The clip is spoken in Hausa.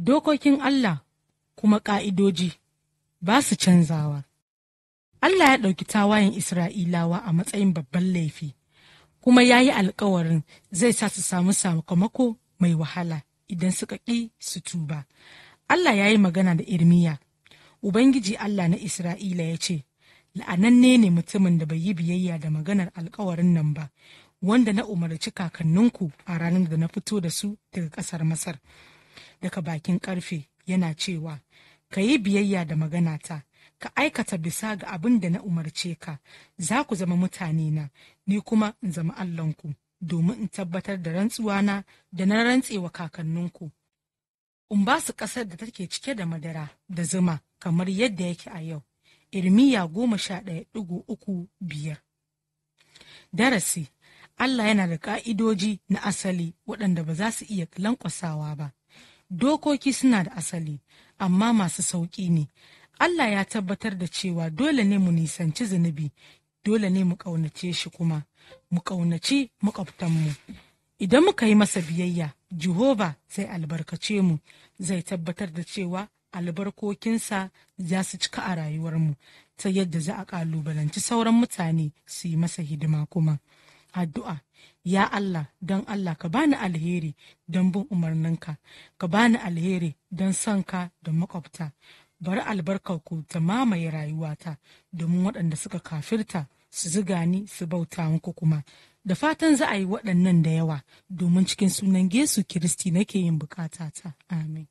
dokokin Allah kuma ƙa'idoji ba su canzawa. Allah ya ɗauki tawayen Isra'ilawa a matsayin babban laifi, kuma ya yi alkawarin zai sa su samu sakamako mai wahala idan suka ƙi su tuba. Allah ya yi magana da Irmiya, Ubangiji Allah na Isra'ila ya ce, La'ananne ne mutumin da bai yi biyayya da maganar alkawarin nan ba, wanda na umarci kakanninku a ranar da na fito da su daga ƙasar Masar. daga bakin karfe yana cewa ka yi biyayya da magana ta, ka aikata bisa ga abin da na umarce ka za ku zama mutane na ni kuma in zama allahnku domin in tabbatar da rantsuwana da na rantsewa kakanninku in ba su ƙasar da take cike da madara da zuma kamar yadda yake a yau irmiya goma sha ɗaya ɗigo uku biyar darasi Allah yana da ƙa'idoji na asali waɗanda ba za su iya lankwasawa ba, dokoki suna da asali amma masu sauƙi ne Allah ya tabbatar da cewa dole ne mu nisanci zunubi dole ne mu ƙaunace shi kuma mu ƙaunaci mu idan muka yi masa biyayya Jehova zai albarkace mu zai tabbatar da cewa albarkokinsa za su cika a rayuwarmu ta yadda za a ƙalubalanci sauran mutane su yi masa hidima kuma addu'a ya Allah don Allah ka bani alheri don bin umarninka ka bani alheri don sanka da makwabta bari albarkarku ta mamaye rayuwata domin waɗanda suka kafirta su ziga ni su bauta muku kuma da fatan za a yi waɗannan da yawa domin cikin sunan Yesu Kiristi nake yin bukatata amin